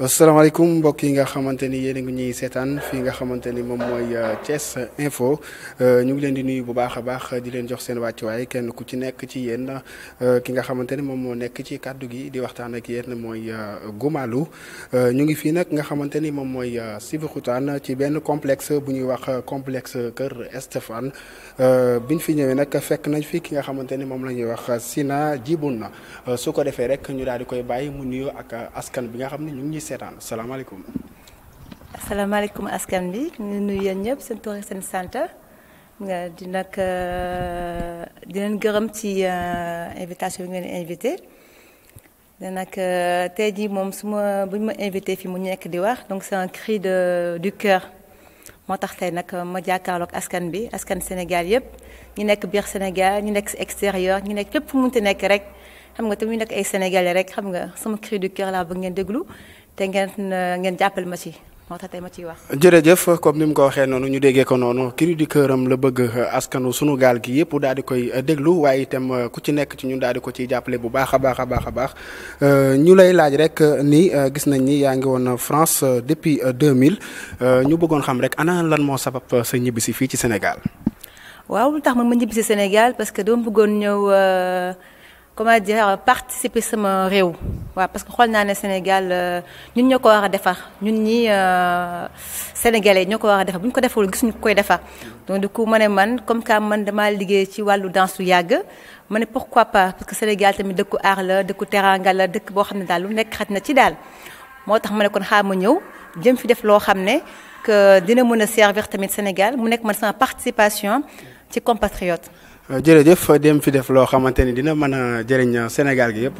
asalaamaaleykum mbokk yi nga xamante ni yéen a ngi ñuy seetaan fii nga xamante ni moom mooy euh, Thiès Info euh, ñu ngi leen di nuyu bu baax a baax di leen jox seen wàccuwaay kenn ku ci nekk ci yéen euh, ki nga xamante ni moom moo nekk ci kàddu gi di waxtaan ak yéen mooy Goumalou ñu ngi fii nag nga xamante ni moom mooy Sébikotane ci benn complex bu ñuy wax complex Kër bi ñu fi ñëwee nag fekk nañ fii ki nga xamante ni moom la ñuy wax Sina na su ko defee rek ñu daal di koy bàyyi mu nuyoo ak askan bi nga xam ne ñu ngi seetaan salaamaaleykum. askan bi ñu nuyu yéen ñëpp seen tur seen sant di nag euh, di leen gërëm ci euh, invitation bi ngeen invité nag euh, tey jii moom su ma bu ma invité fii mu nekk di wax donc c'est un cri de du cœur moo tax tey nag ma jàkkaarloog askan bi askan Sénégal yëpp ñi nekk biir Sénégal ñu nekk si extérieur ñu nekk lépp fu mu munti nekk rek xam nga tamit ñu nekk ay sénégalais rek xam nga sama cri du cœur laa bëgg ngeen déglu. te ngeen eh, ngeen jàppale ma ci moo tax tey ma ciy wax. jërëjëf comme ni mu ko waxee noonu ñu déggee ko noonu cri du cœur am la bëgg eh, askanu sunu gaal gi yëpp daal di koy eh, déglu waaye itam ku ci nekk ci ñu daal di ko ciy jàppale bu baax a baax a baax a baax ñu lay laaj rek ni gis nañ ni yaa ngi woon France depuis 2000 ñu bëggoon xam rek ana lan moo sabab sa ñibbisi fii ci Sénégal. waaw lu tax ma ma ñibbisi Sénégal parce que dama bëggoon ñëw. comment dire participer sama réew waa parce que xol naa ne Sénégal euh, ñun ñoo ko war a defar ñun ñi euh, sénégalais ñoo ko war a defar bu ñu ko deful gisuñu ko koy defar donc du coup ma man comme que man damaa liggéey ci wàllu danse lu yàgg ma ne pourquoi pas parce que Sénégal tamit dëkku aar la dëkku teranga la dëkk boo xam ne daal lu nekk xaj na ci daal moo tax ma ne kon xaar ma ñëw jëm fi def loo xam ne que dina mën a servir tamit Sénégal mu nekk man sama participation ci compatriote Euh, jërëjëf dem fi def loo xamante ni dina mën a jëriñ euh, Sénégal gi yëpp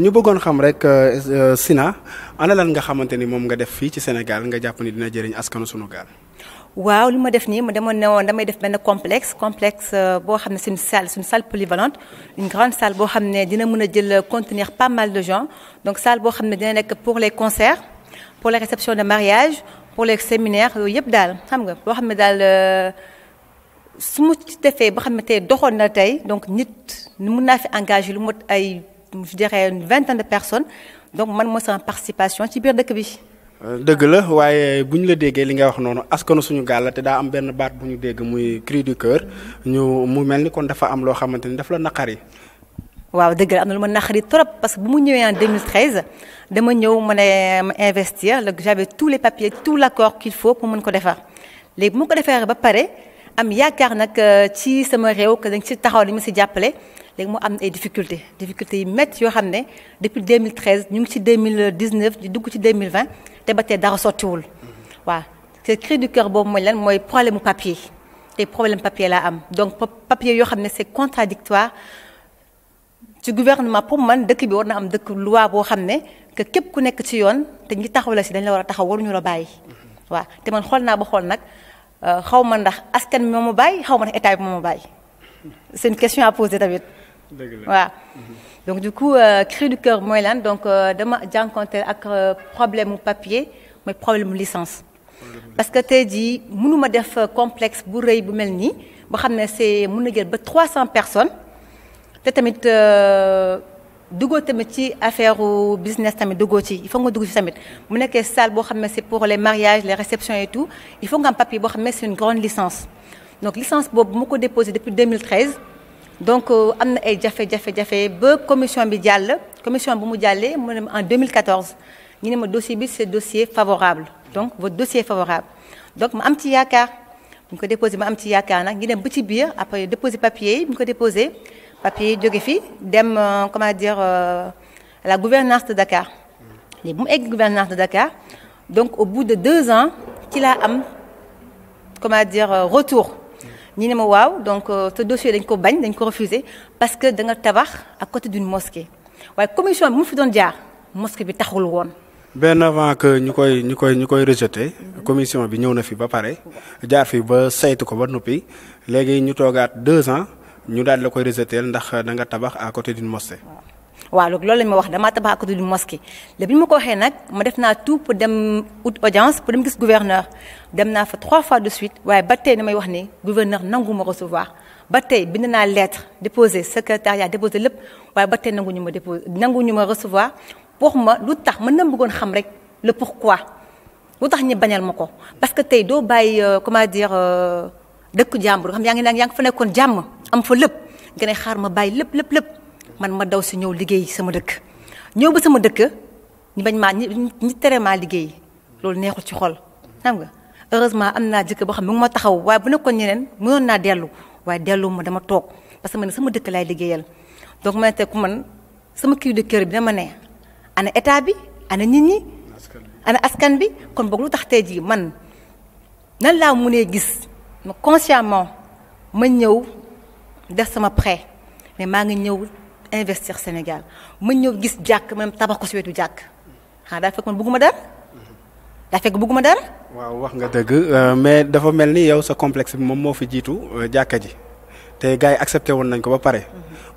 ñu bëggoon xam rek euh, Sina ana lan nga xamante ni moom nga def fii ci Sénégal nga jàpp ni dina jëriñ askanu sunu gaal. waaw li ma def nii ma demoon ne woon damay def benn complexe complexe boo xam ne c'est une salle c'est une salle polyvalente une grande salle boo xam ne dina mën a jël contenir pas mal de gens donc salle boo xam ne dina nekk pour les concerts pour les réceptions de mariage pour les séminaires yooyu yëpp daal xam su ma ci defee ba xam ne doxoon na tey donc nit mun naa fi engagé lu mot ay je dirais vingt vingtaine de personnes donc man mooy sama participation ci biir dëkk bi. Euh, dëgg la waaye bu ñu la déggee li nga wax noonu askanu suñu gaal la te daa am benn baat bu ñu dégg muy cri ñu mu mel ni kon dafa am loo xamante ni daf la naqari. waaw dëgg la am na lu ma naqari trop parce que bu mu ñëwee en 2013 dama ñëw ma ne ma investir j'avais tous les papiers tout l'accord qu'il faut pour mën ko defar léegi bu mu ko defee ba pare. am yaakaar nag euh, ci sama réew que dañ ci taxaw li ma si jàppale léegi mu am ay difficultés difficultés yi métti yoo xam ne depuis 2013 ñu ngi ci 2019 di dugg ci 2020 te ba tey dara sottiwul waaw te crédit du boobu mooy lan mooy problème mu papier problème papier laa am donc papier yoo xam ne c'est contradictoire ci gouvernement pour man dëkk bi war na am dëkk loi boo xam ne que képp ku nekk ci yoon te ñi taxaw la si dañ la war a taxaw ñu la bàyyi waaw te man xool naa nag. Euh, xaw ma ndax askan bi moo ma xaw ma ndax état bi moo une question à poser tamit. dëgg mhm. donc du coup euh, cri du cœur mooy lan donc euh, dema jànkonteel ak problème mu papier mooy problème mu licence. parce que tey jii mënuma def complexe bu rëy bu mel nii boo xam ne c'est mun na jël ba 300 personnes te tamit. duggoo tamit ci affaire business tamit duggoo ci il faut nga dugg ci tamit mu nekkee salle boo xam ne c'est pour les mariages les réceptions et tout il faut nga am boo xam c'est une grande licence donc licence boobu mu ko déposé depuis 2013 donc euh, am na ay jafe-jafe-jafe ba commission bi jàll commission bu mu jàllee mu ne en 2014 ñu ne ma dossier bi c'est dossier favorable donc votre dossier favorable donc ma am ci yaakaar mu ñu ko déposé ma am ci yaakaar nag ñu dem ba ci biir après déposé papier yi ko déposé papier jóge fi dem euh, comment dire euh, la gouvernance de Dakar léegi bu mu egg gouvernance de Dakar donc au bout de deux ans ci laa am comment dire euh, retour ñi ne ma waaw donc euh, te dossier dañ ko bañ dañ ko refusé parce que da nga tabax a côté d'une mosquée waaye commission bi mu fi doon jaar mosquée bi taxul woon. benn avant que ñu koy ñu koy ñu koy rejeté commission bi ñëw na fi ba pare jaar fi ba saytu ko ba noppi léegi ñu toogaat deux ans. ñu daal la koy rejeter ndax da nga tabax à côté d'une mosquée. la ma wax damaa tabax à côté d'une ma def naa tout pour dem ut audience pour dem gis gouverneur dem naa fa trois fois de suite waaye ba tey damay wax ni gouverneur nangu ma recevoir ba tey bind lettre déposé secrétariat déposé lépp waaye ba tey nanguñu ma déposé nanguñu ma recevoir wax ma lu tax man na bëggoon xam rek le pourquoi lu tax ñu bañal ma ko parce que tey doo bàyyi euh, comment dire. Euh, dëkk jàmbur xam yaa ngi naan yaa ngi fa nekkoon jàmm am fa lépp nga ne xaar ma bàyyi lépp lépp lépp man ma daw si ñëw liggéey sama dëkk ñëw ba sama dëkk ñu bañ maa ñi tere liggéey loolu neexul ci xol xam nga heureusement am naa jëkk boo xam ne ma taxaw waaye bu nekkoon ñeneen mënoon naa dellu waaye dellu ma dama toog parce que man sama dëkk lay liggéeyal donc ma ne ku man sama kii de kër bi dama ne ana état bi ana nit ñi ana askan bi kon boog lu tax te jii man nan laa mënee gis ma consciemment ma ñëw def sama pre mais maa ngi ñëw investir Sénégal ma ñëw gis jàkk même tabax ko si wetu jàkk ah daa fekk man bëgguma dara daa fekk bëgguma dara. waaw wax nga dëgg euh, mais dafa mel ni yow sa complexe bi moom moo fi jiitu euh, jàkka ji te gars yi accepté woon nañ ko ba pare.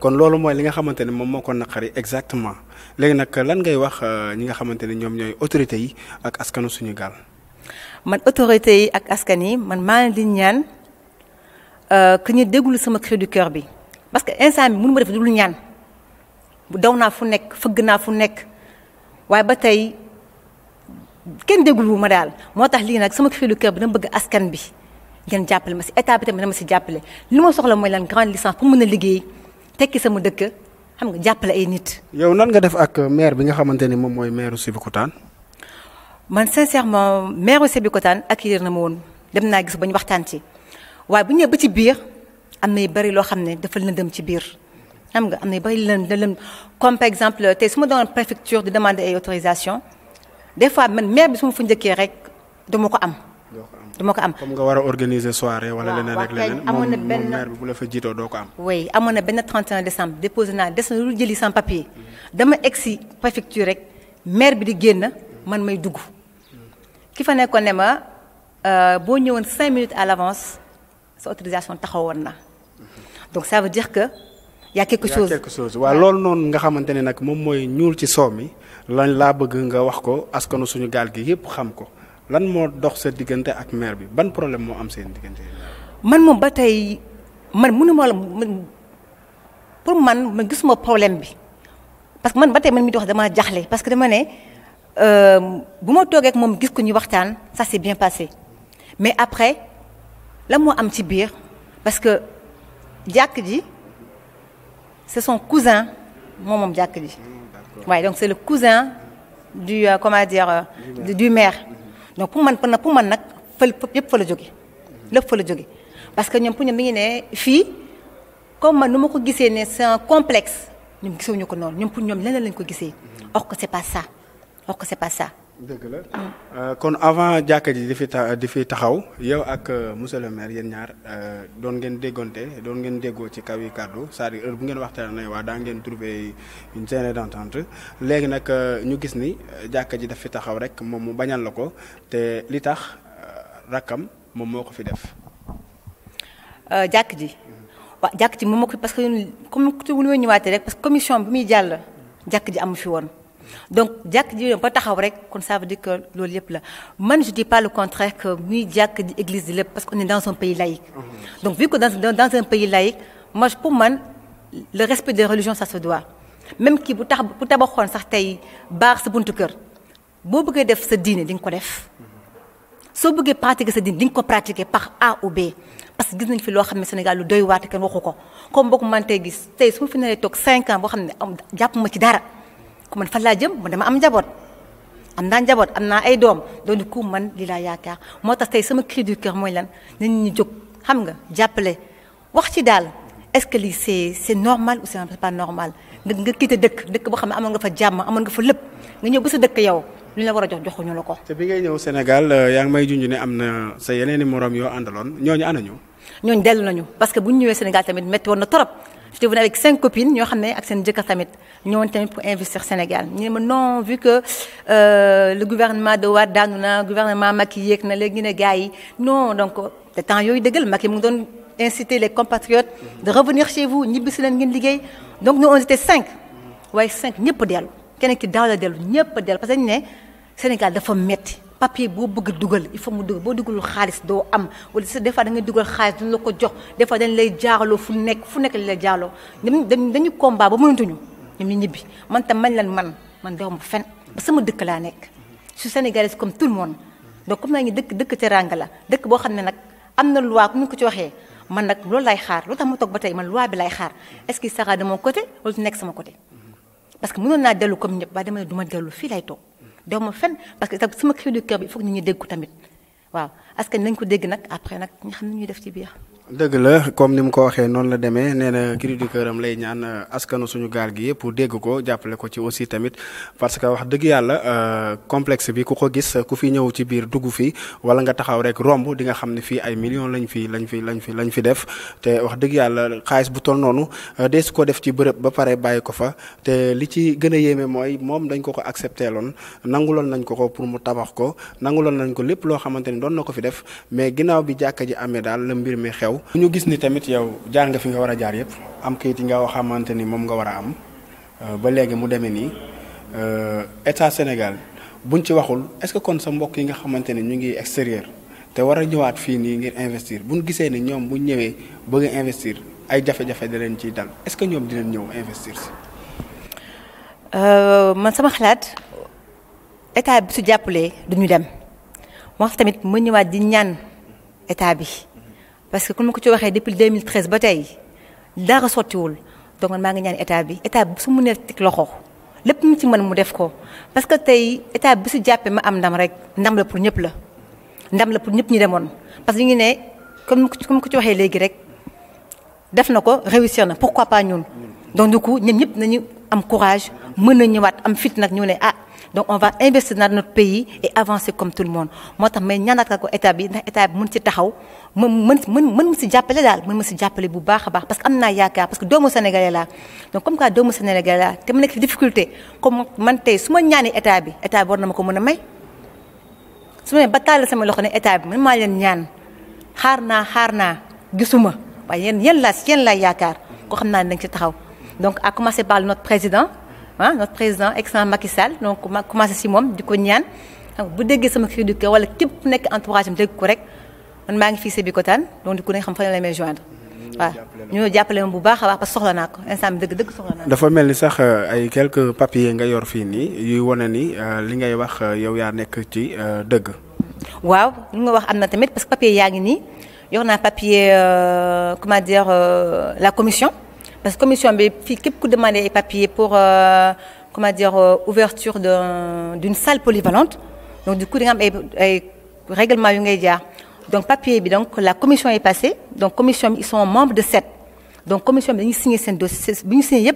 kon loolu mooy li nga xamante ne moom moo ko naqari exactement léegi nag lan ngay wax euh, ñi nga xamante ne ñoom ñooy autorités yi ak askanu suñu gaal. man autorité yi ak askan yi man maa leen di ñaan euh, que ñu déglu sama cri bi parce que instant bi mënu ma def dul ñaan daw naa fu nekk fëgg naa fu nekk waaye ba tey kenn déglu ma daal moo tax lii nag sama cri du cœur bi dama bëgg askan bi ngeen jàppale ma si état bi tamit dama si jàppale li ma soxla mooy lan grande licence pour mën a liggéey tekki sama dëkk xam nga jàppale ay nit. yow nan nga def ak maire bi nga xamante ni moom mooy maire Sébikotane man sincèrement maire Sébikotane accueillir na ma woon dem naa gis ba ñu waxtaan ci waaye bu ñëwee ba ci biir am na yu bëri loo xam ne dafa lëndëm ci biir xam nga am na yu bëri lëndëm comme par exemple su ma doon préfecture di demander ay autorisation des fois man maire bi su ma njëkkee rek dama ko am. dama ko am comme nga war organiser soirée. wala amoon na benn maire bi bu la fa jiitoo doo ko am. oui amoon na benn 31 décembre déposé naa des na lu jëli sans papier dama egg si préfecture rek maire bi di génn man may dugg. ki fa nekkoon ne ma euh, boo ñëwoon cinq minutes à l'avance sa autorisation taxawoon na donc sa veut dire que y a quelque waa loolu noonu nga xamante ne nag moom mooy ñuul ci soow mi lan laa bëgg nga wax ko askanu suñu gaal gi yépp xam ko lan moo dox sa diggante ak maire bi ban problème moo am seen diggante. man moom ba tey man mënu ma la pour man ma gisuma problème bi parce que man ba tey man mi di wax damaa jaxle parce que dama ne. Euh, bu ma toogee ak moom gis ko ñu waxtaan ça s'est bien passé mais après la moo am ci biir parce que jàkk ji c'est son cousin moom moom jàkk ji waaye donc c'est le cousin du euh, comment dire euh, du, du maire donc pour man pour man nag fël yëpp fa la jóge mm-hmm. lépp fa la jóge parce que ñoom pour ñoom mi ngi ne fii comme man nu ma ko gisee ne c'est un complexe ñoom gisewuñu ko noonu ñoom pour ñoom leneen lañ ko gisee mm-hmm. or que c'est pas ça wax ko c'est pas dëgg la euh, kon avant jàkk ji di fi ta di fi taxaw yow ak euh, monsieur le maire yéen ñaar euh, doon ngeen déggoonte doon ngeen déggoo ci kaw yi kàddu c'est-à-dire heure bu ngeen waxtaanee waa daa ngeen trouver une scène d'entente léegi nag ñu gis ni jàkka ji daf fi taxaw rek moom mu bañal la ko te li tax rakkam moom moo ko fi def. jàkk ji. waaw jàkk ji moom moo ko fi parce que comme ku ñu ñëwaatee rek parce commission bi muy jàll jàkk ji amu fi woon. donc jàkk ji ba taxaw rek kon ça veut dire que loolu yëpp la man je dis pas le contraire que muy jàkk église di lépp parce que on est dans un pays laïque. Mhm. donc vu que dans dans un pays laïque moi pour man le respect des religions sa se doit même kii bu tax bu tabaxoon sax tey baax sa buntu kër boo bëggee def sa diine di nga ko def. soo bëggee pratiquer sa diine di nga ko pratiquer par A ou B parce que gis nañ fi loo xam ne Sénégal lu doy waate kenn ko comme boo ko boo xam ne am jàpp ma ci ku man fan laa jëm man dama am njaboot am naa njaboot am naa ay doom doon ku man li laa yaakaar moo tax tey sama cri du cœur mooy lan nañ ñu jóg xam nga jàppale wax ci daal est-ce que lii c'est c'est normal ou c'est pas normal nga nga quitté dëkk dëkk boo xam ne amoon nga fa jàmm amoon nga fa lépp nga ñëw ba sa dëkk yow lu ñu la war a jox ñu la ko. te bi ngay ñëw Sénégal euh, yaa ngi may junj ne am na sa yeneen i morom yoo àndaloon ñooñu ana ñu. ñooñu dellu nañu parce que bu ñu ñëwee Sénégal tamit métti woon na torop j'étais venue avec cinq copines ñoo xam ne ak seen jëkkër tamit ñëwoon tamit pour investir Sénégal ñu ma non vu que euh, le gouvernement de Wade daanu na gouvernement Macky yéeg na léegi ñu ne gars yi non donc te temps yooyu dëggal Macky mu ngi doon inciter les compatriotes de revenir chez vous ñibbi si leen ngeen liggéey donc nous on cinq waaye cinq ñëpp dellu keneen ki daaw la dellu ñëpp dellu parce ne Sénégal dafa metti papier boo bëgg dugal il faut mu dugal boo dugalul xaalis doo am wala sa des fois dugal xaalis duñ la ko jox des fois dañ lay jaaraloo nekk fu nekk li lay jaaraloo dañu dañu combat ba mënatuñu ñoom ñu ñibbi man tam mañ man man dew ma sama dëkk laa nekk je suis sénégalaise comme tout le monde donc comme naa la dëkk boo xam ne nag am na loi comme waxee man nag loolu lay xaar loolu tax ma toog ba tey man loi bi lay xaar est nekk sama côté parce que mënoon naa dellu comme ñëpp waaye ne du dellu fii lay toog doo ma fen parce que sama cri du cœur bi il faut que ñu dégg ko tamit waaw askan nañ ko dégg nag après nag ñu xam ne ñuy def ci biir. dëgg la comme ni mu ko waxee noonu la demee nee na chroniqueur am lay ñaan euh, askanu suñu gaal gi yëpp dégg ko jàppale ko ci aussi tamit parce que wax dëgg yàlla euh, complexe bi ku ko gis ku fi ñëw ci biir dugg fi wala nga taxaw rek romb di nga xam ne fii ay millions lañ fi lañ fi lañ fi lañ fi def te wax dëgg yàlla xaalis bu toll noonu euh, dee su ko def ci bërëb ba pare bàyyi ko fa te li ci gën a yéeme mooy moom dañ ko ko accepté loon nanguloon nañ ko ko pour mu tabax ko nanguloon nañ ko lépp loo xamante ni doon na ko fi def mais ginnaaw bi jàkka ji amee daal la mbir mi xew. taxaw. ñu gis ni tamit yow jaar nga fi nga war a jaar yëpp am kayit yi nga xamante ni moom nga war a am euh, ba léegi mu demee nii euh, état Sénégal buñ ci waxul est-ce que kon sa mbokk yi nga xamante ni ñu ngi extérieur te war a ñëwaat fii nii ngir investir buñ gisee ni ñoom buñ ñëwee bëgg investir ay jafe-jafe da leen ciy dal est-ce que ñoom dinañ ñëw investir si. Euh, man sama xalaat état bi su jàppalee duñu dem moo tamit mu ñëwaat di ñaan état bi. parce que ku ma ko ci waxee depuis 2013 ba tey dara sottiwul donc man maa ngi ñaan état bi état bi su mu nee teg loxo lépp mu ci mën mu def ko parce que tey état bi su jàppee ma am ndam rek ndam la pour ñëpp la ndam la pour ñëpp ñi demoon parce que ñu ngi ne comme comme ko ci waxee léegi rek def na ko réussir na pourquoi pas ñun donc du coup ñun ñëpp nañu am courage mën na ñëwaat am fit nag ñu ne ah donc on va investir dans notre pays et avancer comme tout le monde moo tax may ñaanaat ko état bi ndax état bi mën ci taxaw mën mën mën mën ma si jàppale daal mën ma si jàppale bu baax a baax parce que am naa yaakaar parce que doomu Sénégalais laa donc comme quoi doomu Sénégalais te ma nekk difficulté comme man tey su ma ñaanee état bi état bi war na ma ko mën a may su ma nee ba taal sama loxo ne état bi man maa leen ñaan xaar naa xaar naa gisuma waaye yéen yéen laa yéen laa yaakaar ko xam naa ne dañ ci taxaw donc à commencer par notre président ah notre président excellent Macky Sall donc ma commencé si moom di ko ñaan bu déggee sama cri du cœur wala képp ku nekk entourage am dégg ko rek man maa ngi fii Sébikotane donc di ko ne xam fan la may joindre. bu baax a baax parce que soxla naa ko instant bi dëgg dëgg mel ni sax euh, ay quelques papiers nga yor fii nii yuy wane ni euh, li ngay wax euh, yow yaa nekk ci dëgg. waaw li nga wax am na tamit parce que papier yaa ngi nii yor naa papier comment dire la commission. parce que commission bi fii képp ku demandé ay papiers pour euh, comment dire euh, ouverture d'une salle polyvalente donc du coup da nga règlement yu ngay jaar donc papier bi donc la commission est passée donc commission bi ils sont membres de sept donc commission bi dañuy signé seen dossier bi ñu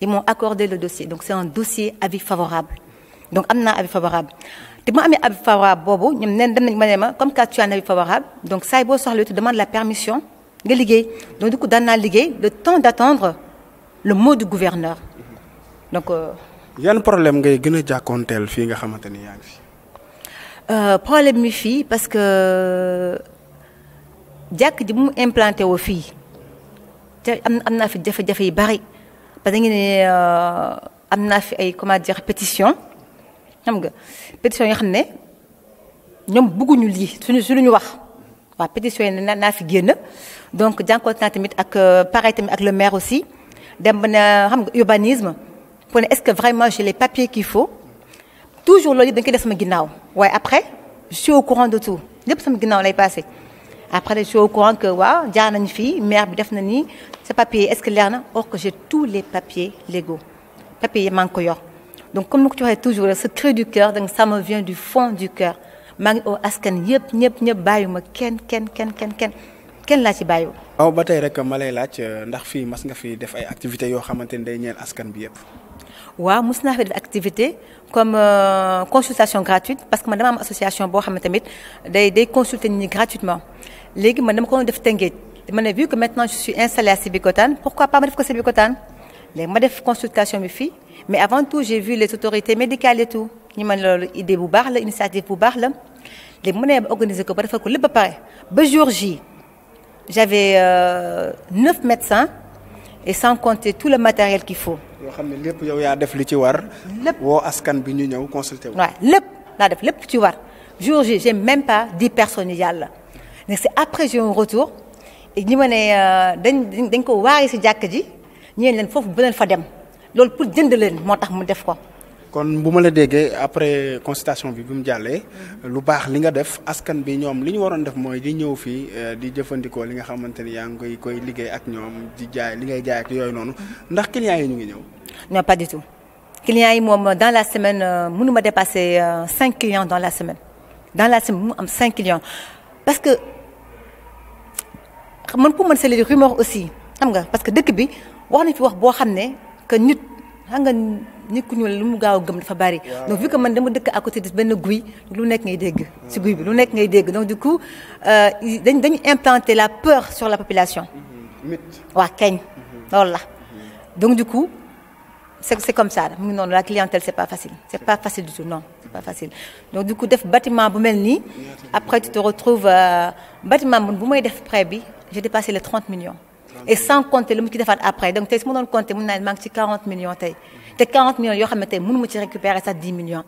ils m'ont accordé le dossier donc c'est un dossier avis favorable donc am avis favorable te bu ma ne ma comme que tu as un avis favorable donc saa yi boo soxlawee tu demandes la permission nga liggéey donc du coup daan naa liggéey le temps d'attendre le mot du gouverneur donc. Euh, yan problème ngay gën a jàkkoonteel fii nga xamante ni yaa ngi euh, problème mi fii parce que euh, jàkk ji mu implanté woo fii te am na fi jafe-jafe yu bari parce que dañu am na fi ay comment dire pétition xam nga pétition yoo xam ne ñoom bëgguñu lii suñu suñu wax waaw pétition yi naa fi génn donc jànkoonte naa tamit ak euh, pareil tamit ak le maire aussi dem ba na xam nga urbanisme pour ne est-ce que vraiment j'ai les papiers qu'il faut toujours loolu yëpp dañ koy def sama ginnaaw waaye après je suis au courant de tout lépp sama ginnaaw lay passé. après je suis au courant que waaw jaar nañu fii maire def na nii sa papier est-ce que leer na or que j'ai tous les papiers légaux papiers yi maa ngi ko yor donc comme ni ko toujours ce cri du cœur donc ça me vient du yëpp ñëpp ñëpp bàyyi ma kenn kenn kenn kenn kenn. kenn laa ci bàyyiwul. waaw ba tey rek ma lay laaj ndax fii mas nga fi def ay activités yoo xamante ni day ñeel askan bi yëpp. waaw mos naa fi def activité comme euh, consultation gratuite parce que man dama am association boo xam ne tamit day day consulter ñi léegi man dama ko def Tëngéej dama ne vu que maintenant je suis installée à Sébikotane pourquoi pas ma def consultation bi fii mais avant tout j'ai vu les autorités médicales et tout ñu ma loolu idée bu baax la initiative bu baax la léegi mu ne organiser ko ba defal ko lépp ba pare ba jour j'avais euh, neuf médecins et sans compter tout le matériel qu'il faut. yoo xam ne lépp yow yaa def li ci war. lépp woo askan bi ñu ñëw consulter wu. waaw lépp laa def lépp ci war jour J j'ai même pas dix personnes yu yàlla ne c'est après j'ai un retour ñi ma ne euh, dañ dañ ko waaree si jàkk ji ñu leen foofu beneen fa dem loolu pour jënd leen moo tax mu def ko. kon bu ma la déggee après constation bi bi mu jàllee lu baax li nga def askan bi ñoom li ñu waroon def mooy di ñëw fii eh, di jëfandikoo li nga xamante ni yaa ngi koy liggéey ak ñoom di jaay li ngay jaay ak yooyu noonu ndax clients yi ñu ngi ñëw. non pas du tout clients yi moom dans la semaine euh, mënu ma dépasser euh, cinq clients dans la semaine dans la semaine mu am cinq clients parce que man pour man c'est les rumeurs aussi xam nga parce que dëkk bi wax na fi wax xam nga nit ku ñuul lu mu gaaw a gëm dafa bari. donc vu ko man dama dëkk a côté di benn guy lu nekk ngay dégg. si guy bi lu nekk ngay dégg donc du coup euh, dañ dañu implanter la peur sur la population. Mm-hmm. mythe waa keñ. Mm-hmm. loolu la mm-hmm. donc du coup c'est c'est comme ça mu ngi noonu la clientèle c'est pas facile c'est pas facile du tout non c'est pas facile donc du coup def bâtiment bu mel nii après tu te retrouves euh, bâtiment bu may def prêt bi j'ai dépassé les 30 millions. et sans compter lu mu ci defaat après donc tey su ma doon compter mun naa maa ngi ci 40 te 40 yoo xam ne tey mënu ma ci récupérer sax 10 millions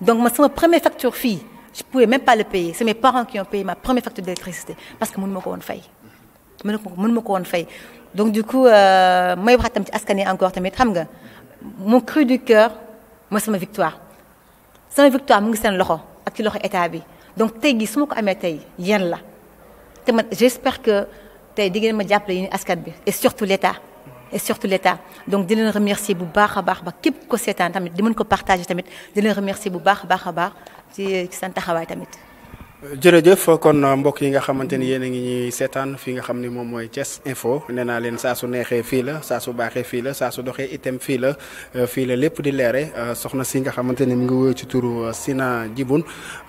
donc ma sama première facture fii je pouvais même pas le payer c'est mes parents qui ont payé ma première facture d'électricité parce que mënu ma ko woon fay mënu ko mënu donc du coup euh, may waxaat tam ci askan yi encore tamit xam nga mon cri du cœur mooy sama victoire sama victoire mu ngi seen loxo ak ci loxo bi donc tey gi su ma ko amee tey la tey di ngeen ma jàppale yéen askan bi et surtout l'État et surtout l'État donc di leen remercier bu baax a baax ba képp ko seetaan tamit di mën ko partager tamit di leen remercier bu baax a baax a baax ci seen taxawaay tamit. jërëjëf kon mbokk yi nga xamante ni yéen a ngi ñuy seetaan fi nga xam ni moom mooy Thiès Info nee naa leen saa su neexee fii la saa su baaxee fii la saa su doxee itam fii la euh, fii la lépp di leere euh, soxna si nga xamante ni mu ngi wóy ci turu euh, Sina Djiboune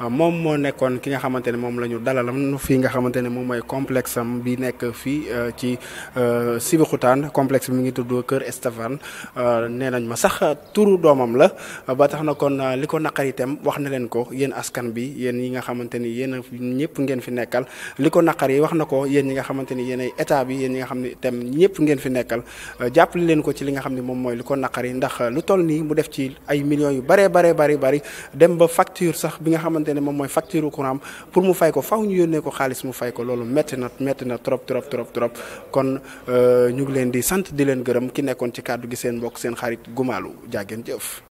moom moo nekkoon ki nga xamante ne moom la ñu dalalam fii nga xamante ne moom mooy complexe bi nekk fii ci Sébikotane complexe bi mi ngi tudd Kër Stéphane nee nañ ma sax turu doomam la ba tax na kon li ko naqar yéen ñëpp ngeen fi nekkal li ko naqar yi wax na ko yéen ñi nga xamante ni yéen ay bi yéen ñi nga xam ni itam ñëpp ngeen fi nekkal euh, jàppale leen ko ci li nga xam ne moom mooy li ko naqar yi ndax lu toll nii mu def ci ay millions yu bare bare bari bari dem ba facture sax bi nga xamante ne moom mooy facture courant pour mu fay ko faw ñu yónnee ko xaalis mu fay ko loolu métti na métti na trop trop trop trop kon euh, ñu ngi leen di sant di leen gërëm ki nekkoon ci kàddu gi seen mbokk seen xarit Gumaalu jaageen jëf